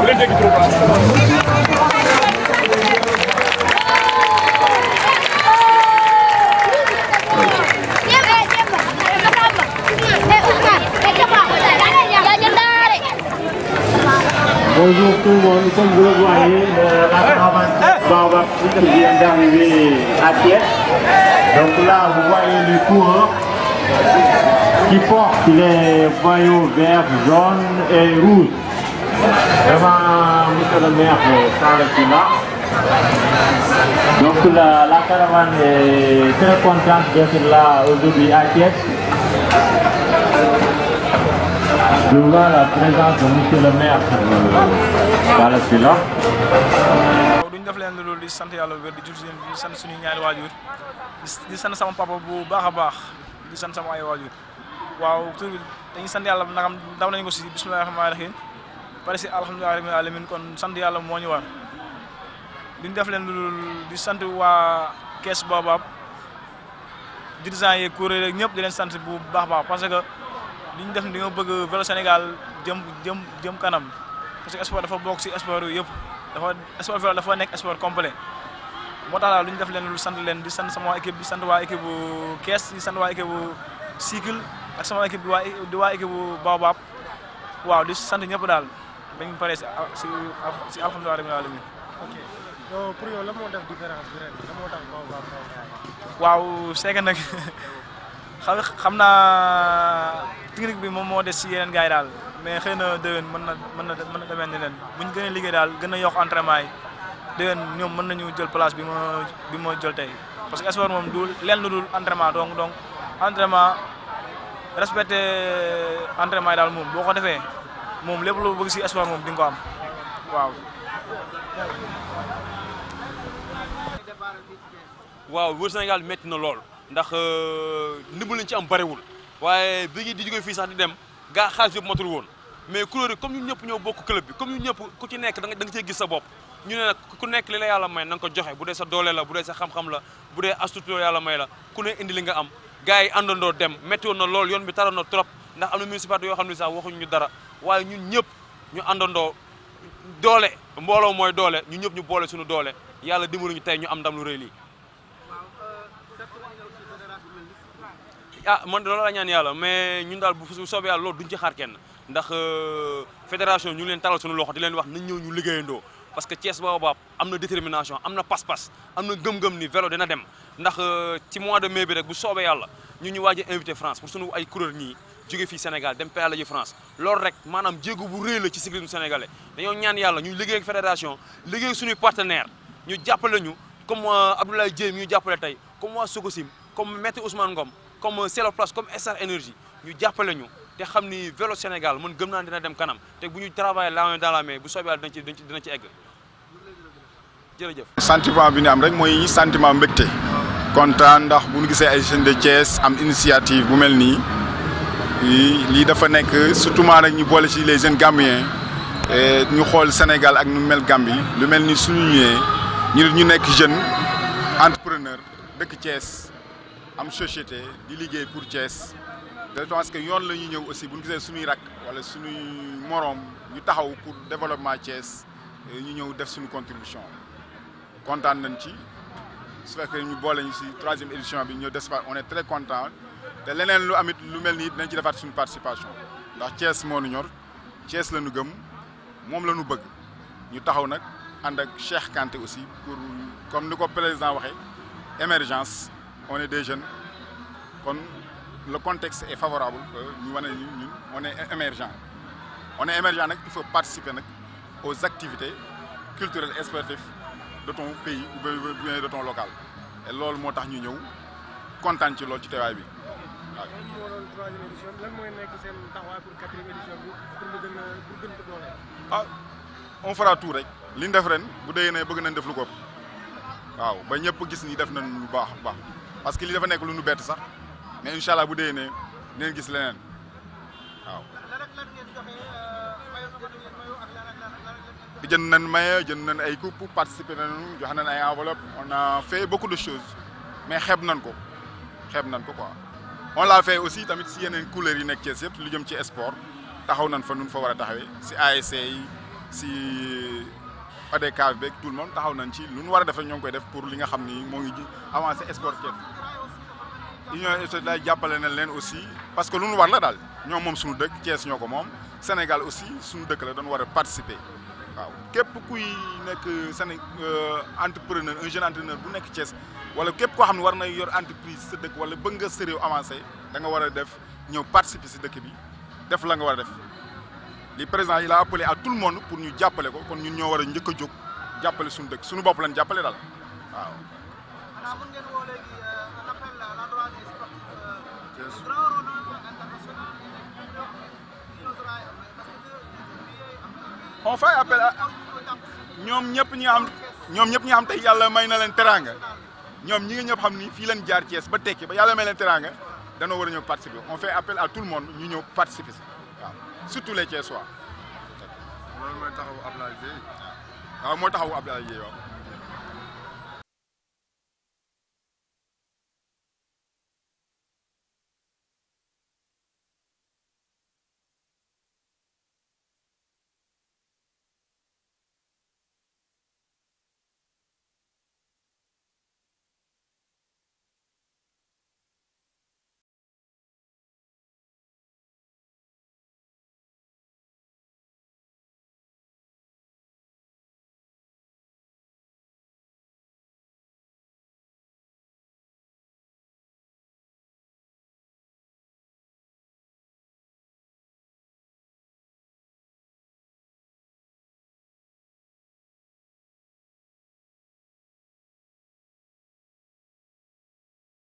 Bonjour tout le monde, comme vous le voyez, le, la caravane va vient d'arriver à Thiès. Donc là, vous voyez le courant qui porte les maillots verts, jaunes et rouges. Vraiment, monsieur le maire, ça euh, le climat. Donc la, la, caravane est très contente d'être là aujourd'hui à Thiès. Je vois la présence de monsieur le maire dans euh, le là. duñ def leen loolu di sant yàlla wér di jur seen di sant suñu ñaari waajur di sant sama papa bu baax a baax di sant sama ay waajur waaw tur bi dañuy sant yàlla nagam daw nañ ko si bismillahi rahmaani rahim pare si alhamdulilah rabbil alamin kon sant yàlla moo ñu war duñ def leen lu di sant waa kees boobaab dirigeant yeeg kuréel yeeg ñëpp di leen sant bu baax baax parce que li ñu def di dañoo bëgg vélo Sénégal jëm jëm jëm kanam parce que sport dafa bokk si sport yëpp dafa sport vélo dafa nekk sport complet moo tax daal lu ñu def leen lu sant leen di sant sama équipe di sant waa équipe bu kees di sant waa équipe bu ak sama équipe di waa di waa waaw di sant ñëpp daal bañ pare si si si alhamdulilah rabbil alamin waaw c'est que nag xam naa technique bi moom moo des si yeneen gaay daal mais xëy na déwén mën na mën na mën na demee ne leen bu ñu gën a liggéey daal gën a yokk entraînement yi ñoom mën nañu jël place bi ma bi ma jël tey parce que sport moom du leen lu dul entraînement donc donc entraînement respecté entraînement daal moom boo ko defee. moom lépp loo bëgg si espoir moom di nga ko am waaw. waaw wër Sénégal métti na lool ndax euh, ndimbu lañ ci am barewul waaye bi di jógee fii sax di dem gaa xaalis yëpp matul woon mais couleur yi comme ñun ñëpp ñoo bokk club bi comme ñun ñëpp ku ci nekk da nga da nga cee gis sa bopp. ñu ne nag ku nekk li la yàlla may na nga ko joxe bu dee sa doole la bu dee sa xam-xam la bu dee astuto yàlla may la ku ne indi li nga am gars yi àndandoo dem métti woon na lool yoon bi taroon na trop ndax am na municipalité yoo xam ne sax waxuñu ñu dara. waaye ñun ñëpp ñu àndandoo doole mbooloo mooy doole ñu ñëpp ñu boole suñu doole yàlla dimbalu ñu tey ñu am ndam lu rëy lii. ah man loolu la yàlla mais ñun daal bu soobee yàlla loolu duñ ci xaar kenn ndax euh, fédération ñu ngi leen taral suñu loxo di leen wax nañ ñëw ñu liggéeyandoo parce que Thiès Baobab am na détermination am na pas-pas am na gëm-gëm ni vélo dina dem ndax euh, ci mois de mais bi rek bu soobee yàlla ñu ñu waaj invité France pour suñu ay kuréel ñii. jóge fii Sénégal dem pale ji France loolu rek maanaam jéego bu réy la ci cyclisme sénégalais dañoo ñaan yàlla ñu liggéey ak fédération liggéey suñuy partenaire ñu jàppale ñu comme euh, Abdoulaye Dièye ñu jàppale tey comme waa Sokosim comme Maître Ousmane Ngom comme euh, Celoplast comme SR Énergie ñu jàppale ñu te xam ni vélo Sénégal mën gëm naa dina dem kanam te bu ñu travaillé la main dans la bu soobee dañ dina ci dina ci egg jërëjëf. sentiment bi ñu am rek mooy sentiment mbégte kontaan ndax bu gisee ay jeunes de Thiès am initiative bu mel nii. lii dafa nekk surtout maa nag ñu boole ci les jeunes gambiens ñu xool Sénégal ak nu mel Gambie lu mel ni suñu ñëwee ñu ñu nekk jeune entrepreneur dëkk Thiès am société di liggéey pour Thiès de parce que yoon la ñuy ñëw aussi bu ñu gisee suñuy rakk wala suñuy moroom ñu taxaw pour développement Thiès ñu ñëw def suñu contribution kontaan nañ ci su fekkee ñu boole ñu si troisième édition bi ñu des on est très content te leneen lu amit lu mel nii dinañ ci defaat suñu participation ndax Thiès moo nu ñor Thiès la ñu gëm moom la ñu bëgg ñu taxaw nag ànd ak Cheikh Kanté aussi pour comme ni ko président waxee émergence one est des jeunes kon le contexte est favorable euh, ñu wane ñu ñun on est émergent on est émergent nag il faut participer nag aux activités culturelles et sportives pays ou bien de local et loolu moo tax ñu ñëw kontaan ci loolu ci teewaay bi. lan moo doon troisième ah on fera tout rek li ñu def ren bu déwénee bëgg nañ def lu ko waaw ba ñëpp gis ni def nañ lu baax baax parce que li dafa nekk lu nu bett sax mais incha allah bu déwénee dinañ gis leneen waaw. jënd nañ maye jënd nañ ay coupe participer nañu jox nañ ay enveloppe on a de choses mais xeeb nañ ko xeeb nañ ko quoi. on l'a fait aussi tamit si yeneen couleurs yi nekk Thiès yëpp lu jëm ci sport taxaw nañ fa nun fa war a taxawee si ASC yi si ODCAV beeg tout le monde taxaw nañ ci lu nu war a defee ñoo ngi koy def pour li nga xam ni moo ngi ji avancé sport Thiès union daal jàppale nañ leen aussi parce que lu nu war la daal ñoom moom suñu dëkk Thiès ñoo ko moom Sénégal aussi suñu dëkk la doon war a participer waaw képp kuy nekk seen euh, entrepreneur un jeune entrepreneur bu nekk Thiès wala képp koo xam ne war na yor entreprise sa dëkk wala bëgg nga sa avancé da nga war a def ñëw participer si dëkk bi def la nga war a def li président il la appelé à tout le monde pour ñu jàppale ko kon ñun ñoo war a njëkk a jóg jàppale suñu dëkk suñu bopp lañ jàppale daal waaw. Ah, on fait appel à ñoom ñëpp ñi nga xam ñoom ñëpp ñi nga xam tey yàlla may na leen teraanga ñoom ñi nga ñëpp xam ni fii leen jaar Thiès ba tekki ba yàlla may leen teraanga danoo war a ñëw participer on fait appel à tout le monde ñu ñëw participer si waaw surtout les Thiessois. loolu mooy taxawu Abdoulaye Dieye. waaw mooy taxawu Abdoulaye Dieye waaw.